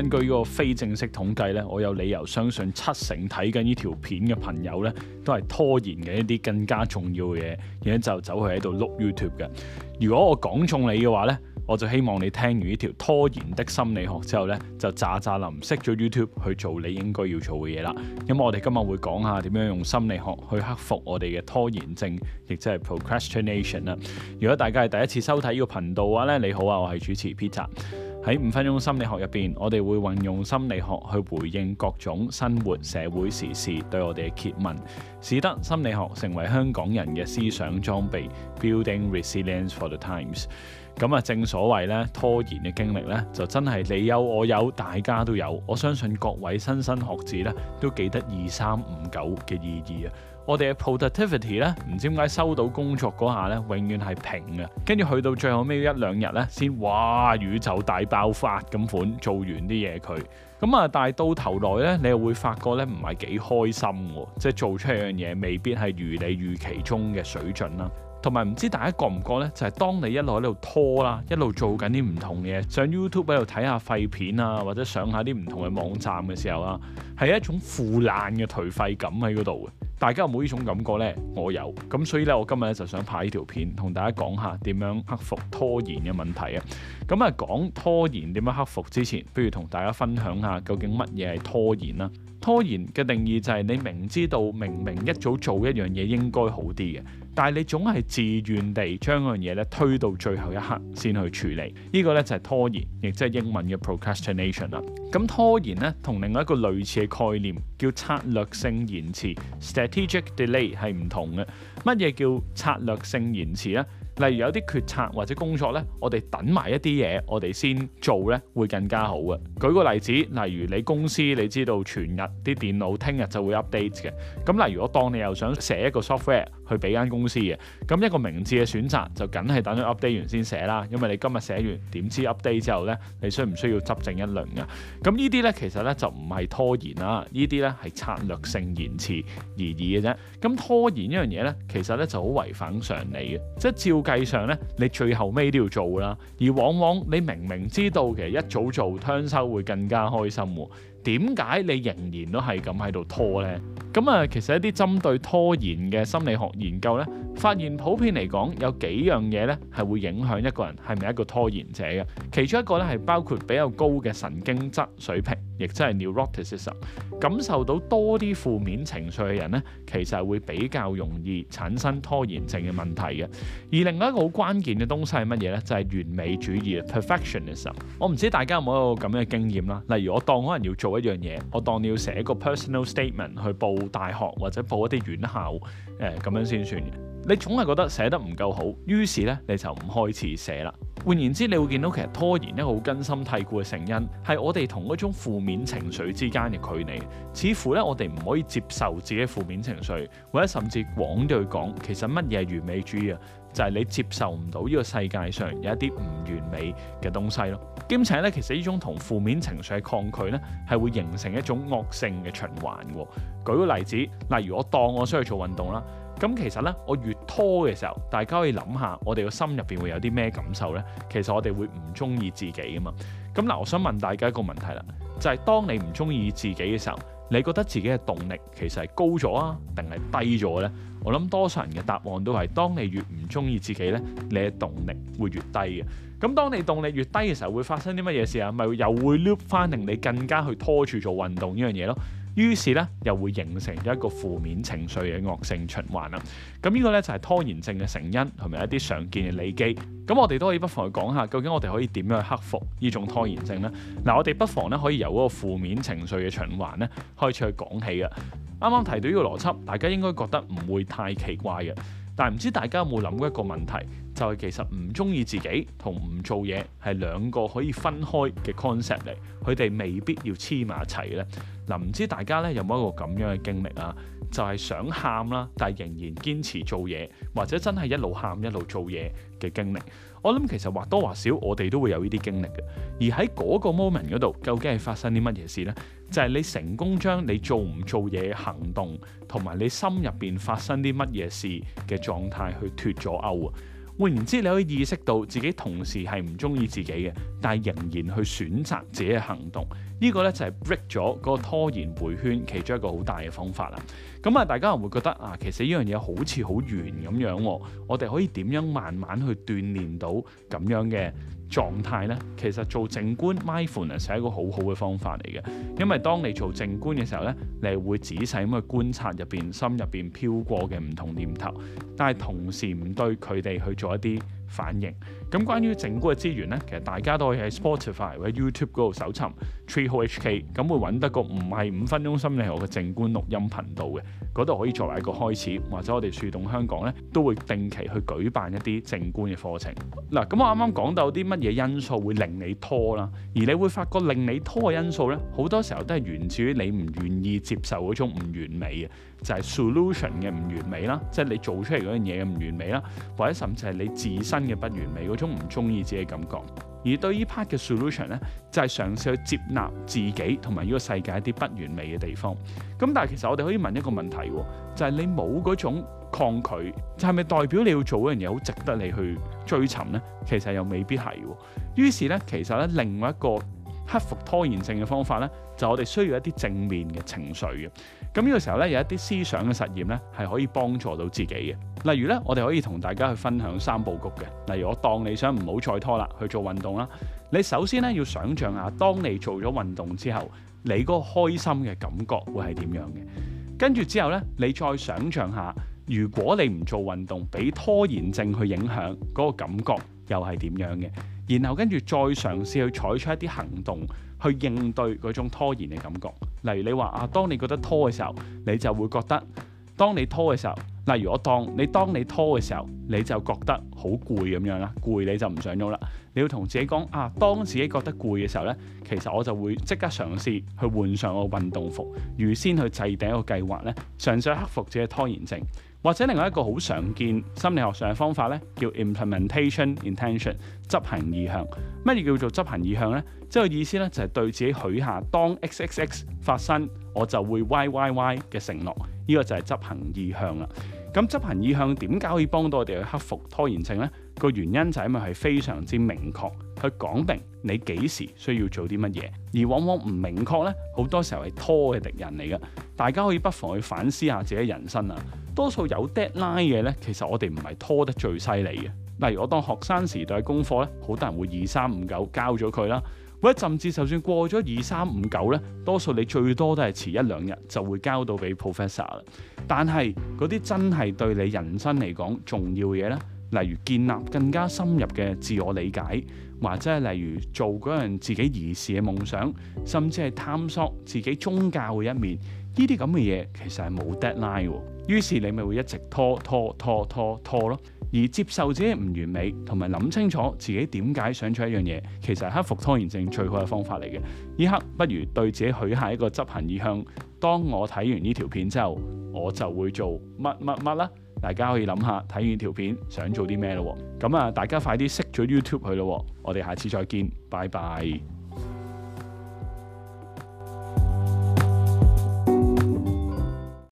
根據呢個非正式統計咧，我有理由相信七成睇緊呢條片嘅朋友咧，都係拖延嘅一啲更加重要嘅嘢，然後就走去喺度碌 YouTube 嘅。如果我講中你嘅話咧，我就希望你聽完呢條拖延的心理學之後咧，就咋咋淋熄咗 YouTube 去做你應該要做嘅嘢啦。咁我哋今日會講下點樣用心理學去克服我哋嘅拖延症，亦即係 procrastination 啦。如果大家係第一次收睇呢個頻道嘅話咧，你好啊，我係主持 Peter。喺五分鐘心理學入邊，我哋會運用心理學去回應各種生活、社會時事對我哋嘅揭問，使得心理學成為香港人嘅思想裝備，Building resilience for the times。咁啊，正所謂咧，拖延嘅經歷咧，就真係你有我有，大家都有。我相信各位新生學子咧，都記得二三五九嘅意義啊！我哋嘅 productivity 咧，唔知點解收到工作嗰下咧，永遠係平嘅。跟住去到最後尾一兩日咧，先哇宇宙大爆發咁款做完啲嘢佢咁啊。但係到頭來咧，你又會發覺咧，唔係幾開心喎。即係做出一樣嘢，未必係如你預期中嘅水準啦。同埋唔知大家覺唔覺咧，就係、是、當你一路喺度拖啦，一路做緊啲唔同嘅嘢，上 YouTube 喺度睇下廢片啊，或者上下啲唔同嘅網站嘅時候啊，係一種腐爛嘅頹廢感喺嗰度嘅。大家有冇呢種感覺呢？我有，咁所以咧，我今日咧就想拍呢條片，同大家講下點樣克服拖延嘅問題啊！咁、嗯、啊，講拖延點樣克服之前，不如同大家分享下究竟乜嘢係拖延啦？拖延嘅定義就係、是、你明知道明明一早做一樣嘢應該好啲嘅，但係你總係自願地將嗰樣嘢咧推到最後一刻先去處理。這個、呢個咧就係、是、拖延，亦即係英文嘅 procrastination 啦。咁拖延呢，同另外一個類似嘅概念叫策略性延遲。Strategic delay 策略性延遲係唔同嘅，乜嘢叫策略性延遲啊？例如有啲決策或者工作咧，我哋等埋一啲嘢，我哋先做咧，會更加好嘅。舉個例子，例如你公司你知道全日啲電腦聽日就會 update 嘅，咁例如我當你又想寫一個 software 去俾間公司嘅，咁一個明智嘅選擇就梗係等佢 update 完先寫啦，因為你今日寫完點知 update 之後咧，你需唔需要執正一輪呀？咁呢啲咧其實咧就唔係拖延啦，呢啲咧係策略性延遲而已嘅啫。咁拖延一樣嘢咧，其實咧就好違反常理嘅，即係照計上咧，你最後尾都要做啦。而往往你明明知道其實一早做 turn 收會更加開心喎，點解你仍然都係咁喺度拖呢？咁啊，其實一啲針對拖延嘅心理學研究呢，發現普遍嚟講有幾樣嘢呢係會影響一個人係咪一個拖延者嘅。其中一個呢，係包括比較高嘅神經質水平。亦即係 neuroticism，感受到多啲負面情緒嘅人咧，其實會比較容易產生拖延症嘅問題嘅。而另外一個好關鍵嘅東西係乜嘢咧？就係、是、完美主義 perfectionism。我唔知大家有冇一個咁嘅經驗啦。例如我當可能要做一樣嘢，我當你要寫個 personal statement 去報大學或者報一啲院校，誒、呃、咁樣先算嘅。你總係覺得寫得唔夠好，於是咧你就唔開始寫啦。換言之，你會見到其實拖延一個好根深蒂固嘅成因，係我哋同嗰種負面情緒之間嘅距離。似乎咧，我哋唔可以接受自己負面情緒，或者甚至廣啲去講，其實乜嘢係完美主義啊？就係你接受唔到呢個世界上有一啲唔完美嘅東西咯。兼且咧，其實呢種同負面情緒嘅抗拒咧，係會形成一種惡性嘅循環。舉個例子，例如我當我需要做運動啦。咁其實咧，我越拖嘅時候，大家可以諗下，我哋個心入邊會有啲咩感受呢？其實我哋會唔中意自己啊嘛。咁嗱，我想問大家一個問題啦，就係當你唔中意自己嘅時候，你覺得自己嘅動力其實係高咗啊，定係低咗呢？我諗多數人嘅答案都係，當你越唔中意自己呢，你嘅動力會越低嘅。咁當你動力越低嘅時候，會發生啲乜嘢事啊？咪又會 loop 翻，令你更加去拖住做運動呢樣嘢咯。於是咧，又會形成一個負面情緒嘅惡性循環啦。咁呢個咧就係拖延症嘅成因，同埋一啲常見嘅理機。咁我哋都可以不妨去講下，究竟我哋可以點樣去克服呢種拖延症呢？嗱，我哋不妨咧可以由嗰個負面情緒嘅循環咧開始去講起嘅。啱啱提到呢個邏輯，大家應該覺得唔會太奇怪嘅，但係唔知大家有冇諗過一個問題？就係其實唔中意自己同唔做嘢係兩個可以分開嘅 concept 嚟，佢哋未必要黐埋一齊咧。嗱、啊，唔知大家咧有冇一個咁樣嘅經歷啊？就係、是、想喊啦，但係仍然堅持做嘢，或者真係一路喊一路做嘢嘅經歷。我諗其實或多或少我哋都會有呢啲經歷嘅。而喺嗰個 moment 嗰度，究竟係發生啲乜嘢事呢？就係、是、你成功將你做唔做嘢行動同埋你心入邊發生啲乜嘢事嘅狀態去脫咗鈎啊！換言之你可以意識到自己同時係唔鍾意自己嘅，但係仍然去選擇自己嘅行動。呢個咧就係 break 咗嗰個拖延迴圈其中一個好大嘅方法啦。咁啊，大家會覺得啊，其實呢樣嘢好似好圓咁樣，我哋可以點樣慢慢去鍛鍊到咁樣嘅狀態呢？其實做靜觀 mindfulness 係一個好好嘅方法嚟嘅，因為當你做靜觀嘅時候呢，你會仔細咁去觀察入邊心入邊飄過嘅唔同念頭，但係同時唔對佢哋去做一啲反應。咁關於靜觀嘅資源呢，其實大家都可以喺 Spotify 或者 YouTube 嗰度搜尋 Tree Hole HK，咁會揾得個唔係五分鐘心理學嘅靜觀錄音頻道嘅，嗰度可以作為一個開始，或者我哋樹洞香港呢都會定期去舉辦一啲靜觀嘅課程。嗱，咁我啱啱講到啲乜嘢因素會令你拖啦，而你會發覺令你拖嘅因素呢，好多時候都係源自於你唔願意接受嗰種唔完美嘅，就係 solution 嘅唔完美啦，即係你做出嚟嗰樣嘢嘅唔完美啦，或者甚至係你自身。真嘅不完美嗰種唔中意自己感覺，而對呢 part 嘅 solution 呢，就係嘗試去接納自己同埋呢個世界一啲不完美嘅地方。咁但係其實我哋可以問一個問題，就係、是、你冇嗰種抗拒，就係咪代表你要做一樣嘢好值得你去追尋呢？其實又未必係。於是呢，其實呢，另外一個克服拖延症嘅方法呢，就是、我哋需要一啲正面嘅情緒嘅。咁呢個時候呢，有一啲思想嘅實驗呢，係可以幫助到自己嘅。例如咧，我哋可以同大家去分享三部曲嘅。例如我當你想唔好再拖啦，去做運動啦。你首先咧要想像下，當你做咗運動之後，你嗰個開心嘅感覺會係點樣嘅？跟住之後咧，你再想像下，如果你唔做運動，俾拖延症去影響嗰個感覺又係點樣嘅？然後跟住再嘗試去採取一啲行動去應對嗰種拖延嘅感覺。例如你話啊，當你覺得拖嘅時候，你就會覺得，當你拖嘅時候。例如我當你當你拖嘅時候，你就覺得好攰咁樣啦，攰你就唔想喐啦。你要同自己講啊，當自己覺得攰嘅時候呢，其實我就會即刻嘗試去換上個運動服，預先去制定一個計劃呢，嘗試克服自己拖延症。或者另外一個好常見心理學上嘅方法呢，叫 implementation intention 執行意向。乜嘢叫做執行意向呢？即係意思呢，就係對自己許下當 XXX 發生，我就會 YYY 嘅承諾。呢個就係執行意向啦。咁執行意向點解可以幫到我哋去克服拖延症呢？個原因就係因為係非常之明確，去講明你幾時需要做啲乜嘢，而往往唔明確呢，好多時候係拖嘅敵人嚟嘅。大家可以不妨去反思下自己人生啊。多數有 deadline 嘅呢，其實我哋唔係拖得最犀利嘅。例如我當學生時代嘅功課呢，好多人會二三五九交咗佢啦。或者甚至就算過咗二三五九呢，多數你最多都係遲一兩日就會交到俾 professor 啦。但係嗰啲真係對你人生嚟講重要嘢咧，例如建立更加深入嘅自我理解，或者係例如做嗰樣自己兒時嘅夢想，甚至係探索自己宗教嘅一面。呢啲咁嘅嘢其實係冇 deadline 嘅。於是你咪會一直拖拖拖拖拖咯。而接受自己唔完美，同埋諗清楚自己點解想做一樣嘢，其實係克服拖延症最好嘅方法嚟嘅。呢刻不如對自己許下一個執行意向：當我睇完呢條片之後。我就會做乜乜乜啦，大家可以諗下，睇完條片想做啲咩咯？咁啊，大家快啲熄咗 YouTube 去咯，我哋下次再見，拜拜。